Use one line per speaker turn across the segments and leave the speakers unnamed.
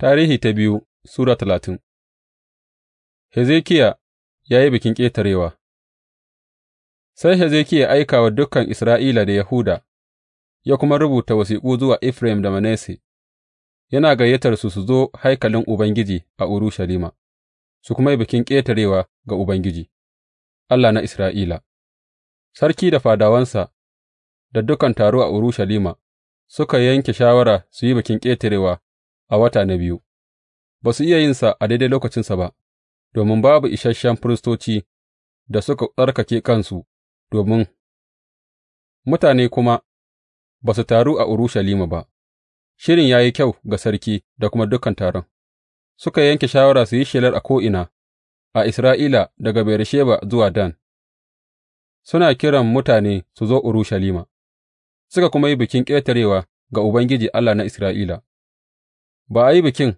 Tarihi ta biyu Sura talatin Hezekiya ya yi Bikin Ƙetarewa Sai Hezekiya aika wa dukan Isra'ila da Yahuda, ya kuma rubuta wasiƙu zuwa Efraim da Manasse, yana gayyatarsu su zo haikalin Ubangiji a Urushalima, su kuma yi Bikin Ƙetarewa ga Ubangiji, Allah na Isra'ila. Sarki da fadawansa da dukan taro a Urushalima suka yanke shawara su yi Bikin Ƙetarewa a wata na biyu, ba su iya yinsa a daidai lokacinsa ba, domin babu isasshen firistoci da suka tsarkake kansu domin mutane kuma ba su taru a Urushalima ba, shirin ya yi kyau ga sarki da kuma dukan taron, suka yanke shawara su yi shelar a ko'ina a Isra'ila daga Beresheba zuwa Dan, suna kiran mutane su zo Urushalima, suka kuma yi bikin ƙetarewa ga Ubangiji Allah na Isra'ila. ba a yi bikin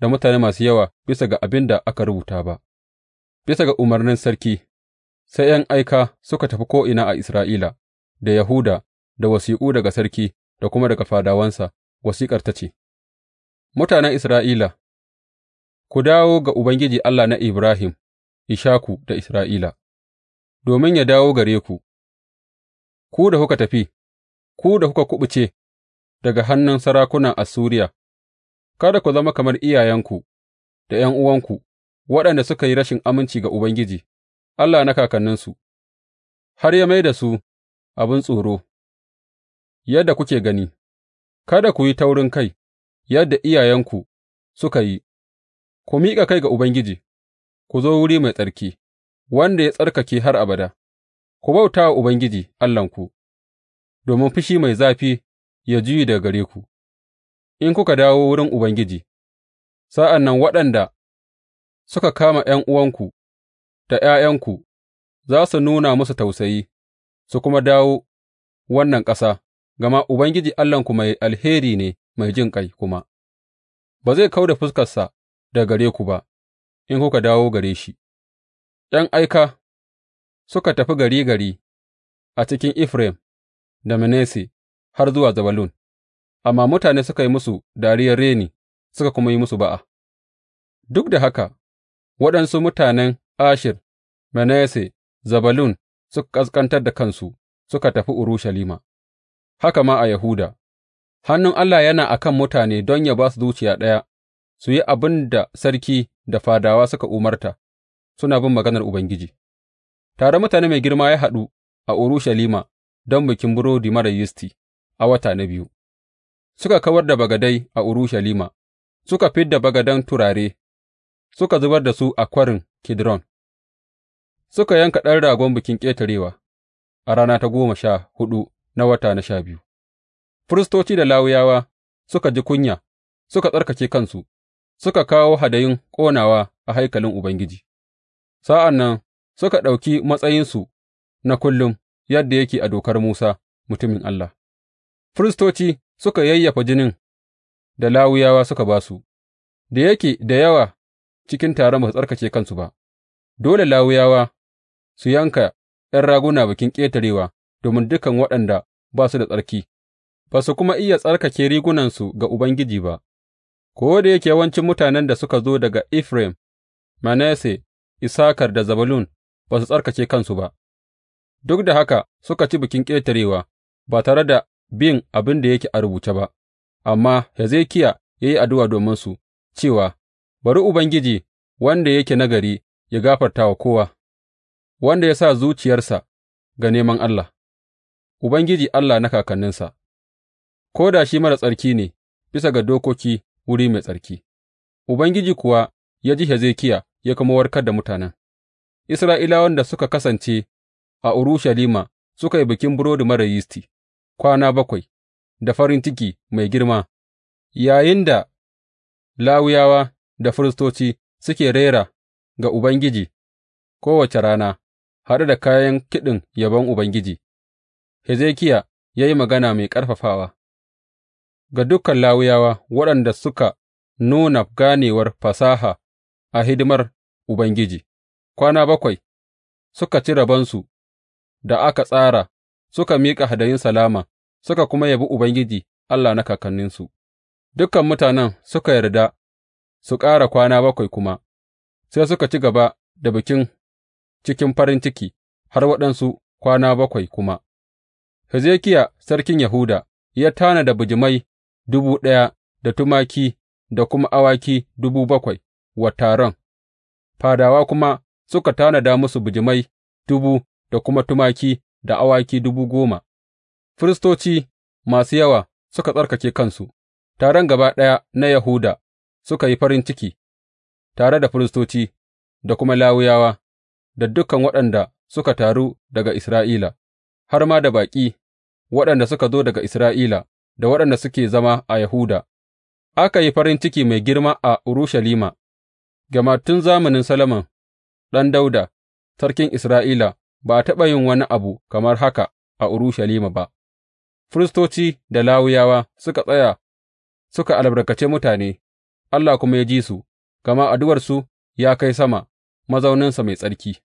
da mutane masu yawa bisa ga abin da aka rubuta ba, bisa ga umarnin sarki, sai ’yan aika suka tafi ko'ina a Isra'ila da Yahuda da wasiƙu daga sarki da kuma daga fadawansa, wasiƙar ta ce, Mutanen Isra'ila, ku dawo ga Ubangiji Allah na Ibrahim, Ishaku da Isra'ila, domin ya dawo gare ku, ku da kuka tafi, ku da kuka kuɓuce daga hannun sarakunan Assuriya Kada ku zama kamar iyayenku da ’yan'uwanku, waɗanda suka yi rashin aminci ga Ubangiji, Allah na kakanninsu, har ya mai da su abin tsoro, yadda kuke gani, kada ku yi kai yadda iyayenku suka yi, ku miƙa kai ga Ubangiji, ku zo wuri mai tsarki, wanda ya tsarkake har abada, ku bauta wa Ubangiji Allahnku, domin fushi mai zafi ya juyi daga gare ku. in kuka dawo wurin Ubangiji, sa'an nan waɗanda suka kama ’yan'uwanku da ’ya'yanku za su nuna musu tausayi su kuma dawo wannan ƙasa, gama Ubangiji Allahnku mai alheri ne mai jinƙai kuma, ba zai kau da fuskarsa daga gare ku ba in kuka dawo gare shi. ’Yan aika suka tafi gari gari a cikin Efraim da Manasse har zuwa Zebulun. amma mutane suka yi musu dariyar reni suka kuma yi musu ba'a, duk da haka waɗansu mutanen Ashir, Manasse, Zabalun suka ƙasƙantar da kansu suka tafi Urushalima, haka ma a Yahuda, hannun Allah yana a kan mutane don ya ba su zuciya ɗaya su yi abin da sarki da fadawa suka umarta, suna bin maganar Ubangiji. Tare mutane mai girma ya haɗu a Urushalima don bikin burodi mara yisti a wata na biyu. suka kawar da bagadai a Urushalima, suka fid da bagadan turare, suka zubar da su a kwarin Kidron, suka yanka ɗan ragon bikin ƙetarewa a rana ta goma sha huɗu na wata na sha biyu. Firistoci da lawuyawa suka ji kunya, suka tsarkake kansu, suka kawo hadayin ƙonawa a haikalin Ubangiji, sa'an nan suka ɗauki matsayinsu na kullum yadda yake a dokar Musa mutumin Allah. Firistoci suka yayyafa jinin da Lawiyawa suka ba su, da yake da yawa cikin taron ba su tsarkake kansu ba, dole Lawiyawa su yanka ’yan raguna bikin ƙetarewa domin dukan waɗanda ba su da tsarki, ba su kuma iya tsarkake rigunansu ga Ubangiji ba, ko da yake yawancin mutanen da suka zo daga Efraim, Manasse, Isakar da Zabalun ba su tsarkake kansu ba, duk da haka suka ci bikin ƙetarewa ba tare da bin abin da yake a rubuce ba, amma Hezekiya ya yi addu'a dominsu cewa, Bari Ubangiji wanda yake nagari ya gafarta wa kowa, wanda ya sa zuciyarsa ga neman Allah, Ubangiji Allah na kakanninsa, ko da shi mara tsarki ne bisa ga dokoki wuri mai tsarki. Ubangiji kuwa ya ji Hezekiya ya kuma warkar da mutanen. Isra'ilawan da suka kasance a Urushalima suka yi bikin burodi mara yisti. kwana bakwai da farin ciki mai girma, yayinda Lawiyawa da firistoci suke rera ga Ubangiji kowace rana, haɗe da kayan kiɗin yabon Ubangiji, Hezekiya ya yi magana mai ƙarfafawa ga dukan Lawiyawa waɗanda suka nuna ganewar fasaha a hidimar Ubangiji, kwana bakwai suka ci rabonsu da aka tsara. suka miƙa hadayun salama suka kuma yabi Ubangiji Allah na kakanninsu, dukan mutanen suka yarda su ƙara kwana bakwai kuma, sai suka ci gaba da bikin cikin farin ciki har waɗansu kwana bakwai kuma. Hezekiya sarkin Yahuda ya tanada bijimai dubu ɗaya da tumaki da kuma awaki dubu bakwai wa taron, fadawa kuma suka tanada musu bijimai dubu da kuma tumaki da awaki dubu goma, firistoci masu yawa suka tsarkake kansu, taron gaba ɗaya na Yahuda suka yi farin ciki tare da firistoci da kuma Lawiyawa da dukan waɗanda suka taru daga Isra'ila, har ma da baƙi waɗanda suka zo daga Isra'ila da waɗanda suke zama a Yahuda. Aka yi farin ciki mai girma a Urushalima, gama tun zamanin Solomon ɗan Dauda, sarkin Isra'ila, ba a taɓa yin wani abu kamar haka a Urushalima ba, firistoci da Lawiyawa suka tsaya suka albarkace mutane, Allah kuma ya ji su, gama addu'arsu ya kai sama, mazauninsa mai tsarki.